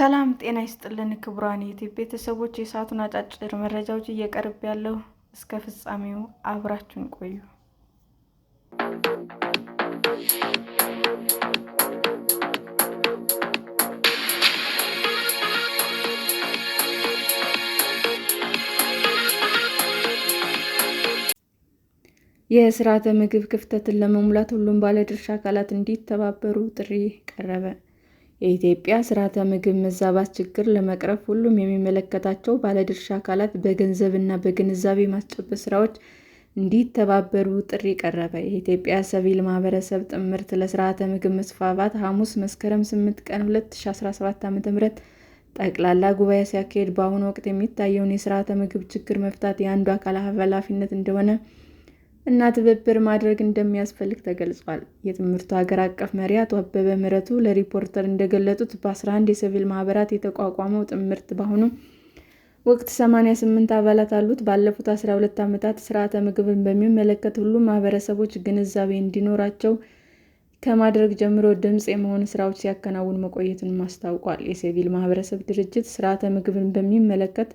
ሰላም ጤና ይስጥልን ክቡራን ዩቲዩብ ቤተሰቦች፣ የሰዓቱን አጫጭር መረጃዎች እየቀርብ ያለው እስከ ፍጻሜው አብራችሁን ቆዩ። የስርዓተ ምግብ ክፍተትን ለመሙላት ሁሉም ባለድርሻ አካላት እንዲተባበሩ ጥሪ ቀረበ። የኢትዮጵያ ስርዓተ ምግብ መዛባት ችግር ለመቅረፍ ሁሉም የሚመለከታቸው ባለድርሻ አካላት በገንዘብና በግንዛቤ ማስጨበጫ ስራዎች እንዲተባበሩ ጥሪ ቀረበ። የኢትዮጵያ ሲቪል ማህበረሰብ ጥምረት ለስርዓተ ምግብ መስፋፋት ሐሙስ መስከረም 8 ቀን 2017 ዓ.ም ጠቅላላ ጉባኤ ሲያካሄድ በአሁኑ ወቅት የሚታየውን የስርዓተ ምግብ ችግር መፍታት የአንዱ አካል ኃላፊነት እንደሆነ እና ትብብር ማድረግ እንደሚያስፈልግ ተገልጿል። የትምህርቱ ሀገር አቀፍ መሪ አቶ አበበ ምረቱ ለሪፖርተር እንደገለጡት በ11 የሲቪል ማህበራት የተቋቋመው ትምህርት በአሁኑ ወቅት 88 አባላት አሉት። ባለፉት 12 ዓመታት ስርዓተ ምግብን በሚመለከት ሁሉም ማህበረሰቦች ግንዛቤ እንዲኖራቸው ከማድረግ ጀምሮ ድምፅ የመሆን ስራዎች ሲያከናውን መቆየትን አስታውቋል። የሲቪል ማህበረሰብ ድርጅት ስርዓተ ምግብን በሚመለከት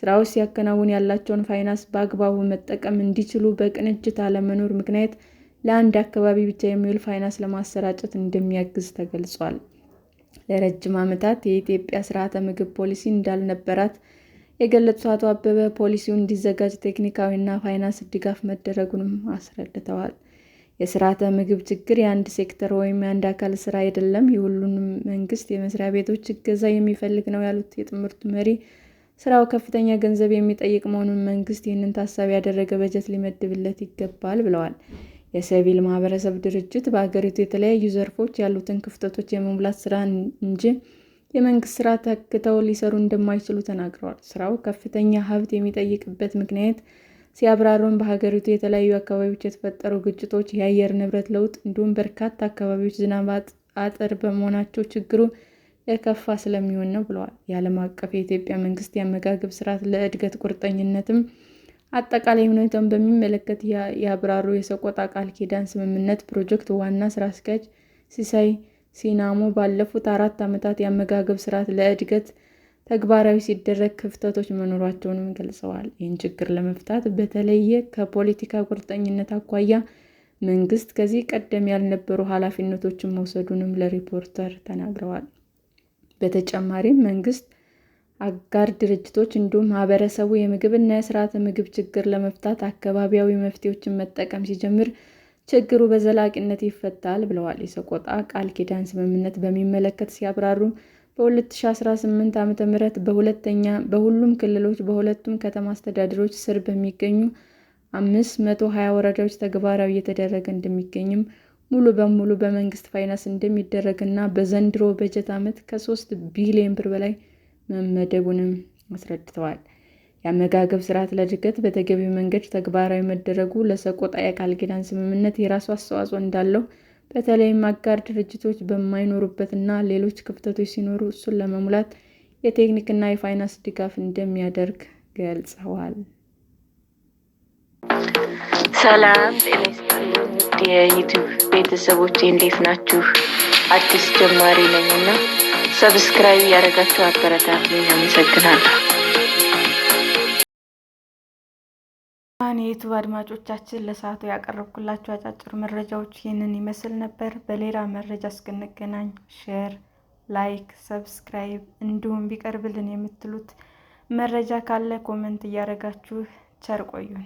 ስራዎች ሲያከናውን ያላቸውን ፋይናንስ በአግባቡ መጠቀም እንዲችሉ በቅንጅት አለመኖር ምክንያት ለአንድ አካባቢ ብቻ የሚውል ፋይናንስ ለማሰራጨት እንደሚያግዝ ተገልጿል። ለረጅም ዓመታት የኢትዮጵያ ስርዓተ ምግብ ፖሊሲ እንዳልነበራት የገለጹት አቶ አበበ ፖሊሲው እንዲዘጋጅ ቴክኒካዊና ፋይናንስ ድጋፍ መደረጉንም አስረድተዋል። የስርዓተ ምግብ ችግር የአንድ ሴክተር ወይም የአንድ አካል ስራ አይደለም፣ የሁሉንም መንግስት የመስሪያ ቤቶች እገዛ የሚፈልግ ነው ያሉት የትምህርቱ መሪ ስራው ከፍተኛ ገንዘብ የሚጠይቅ መሆኑን መንግስት ይህንን ታሳቢ ያደረገ በጀት ሊመድብለት ይገባል ብለዋል። የሲቪል ማህበረሰብ ድርጅት በሀገሪቱ የተለያዩ ዘርፎች ያሉትን ክፍተቶች የመሙላት ስራ እንጂ የመንግስት ስራ ተክተው ሊሰሩ እንደማይችሉ ተናግረዋል። ስራው ከፍተኛ ሀብት የሚጠይቅበት ምክንያት ሲያብራሩም በሀገሪቱ የተለያዩ አካባቢዎች የተፈጠሩ ግጭቶች፣ የአየር ንብረት ለውጥ እንዲሁም በርካታ አካባቢዎች ዝናብ አጥር በመሆናቸው ችግሩ የከፋ ስለሚሆን ነው ብለዋል። የዓለም አቀፍ የኢትዮጵያ መንግስት የአመጋገብ ስርዓት ለእድገት ቁርጠኝነትም አጠቃላይ ሁኔታውን በሚመለከት የአብራሩ የሰቆጣ ቃል ኪዳን ስምምነት ፕሮጀክት ዋና ስራ አስኪያጅ ሲሳይ ሲናሞ ባለፉት አራት ዓመታት የአመጋገብ ስርዓት ለእድገት ተግባራዊ ሲደረግ ክፍተቶች መኖራቸውንም ገልጸዋል። ይህን ችግር ለመፍታት በተለየ ከፖለቲካ ቁርጠኝነት አኳያ መንግስት ከዚህ ቀደም ያልነበሩ ኃላፊነቶችን መውሰዱንም ለሪፖርተር ተናግረዋል። በተጨማሪም መንግስት፣ አጋር ድርጅቶች እንዲሁም ማህበረሰቡ የምግብና የስርዓተ ምግብ ችግር ለመፍታት አካባቢያዊ መፍትሄዎችን መጠቀም ሲጀምር ችግሩ በዘላቂነት ይፈታል ብለዋል። የሰቆጣ ቃል ኪዳን ስምምነት በሚመለከት ሲያብራሩ በ2018 ዓ.ም በሁለተኛ በሁሉም ክልሎች በሁለቱም ከተማ አስተዳደሮች ስር በሚገኙ 520 ወረዳዎች ተግባራዊ እየተደረገ እንደሚገኝም ሙሉ በሙሉ በመንግስት ፋይናንስ እንደሚደረግና በዘንድሮ በጀት ዓመት ከሶስት ቢሊዮን ብር በላይ መመደቡንም አስረድተዋል። የአመጋገብ ስርዓት ለዕድገት በተገቢ መንገድ ተግባራዊ መደረጉ ለሰቆጣ የቃል ኪዳን ስምምነት የራሱ አስተዋጽኦ እንዳለው በተለይም አጋር ድርጅቶች በማይኖሩበትና ሌሎች ክፍተቶች ሲኖሩ እሱን ለመሙላት የቴክኒክና የፋይናንስ ድጋፍ እንደሚያደርግ ገልጸዋል። ሰላም የዩቱብ ቤተሰቦች እንዴት ናችሁ? አዲስ ጀማሪ ነኝ እና ሰብስክራይብ ያደረጋችሁ አበረታት ልኝ። አመሰግናለሁ። የዩቱብ አድማጮቻችን ለሰዓቱ ያቀረብኩላችሁ አጫጭር መረጃዎች ይህንን ይመስል ነበር። በሌላ መረጃ እስክንገናኝ ሼር፣ ላይክ፣ ሰብስክራይብ እንዲሁም ቢቀርብልን የምትሉት መረጃ ካለ ኮመንት እያደረጋችሁ ቸር ቆዩን።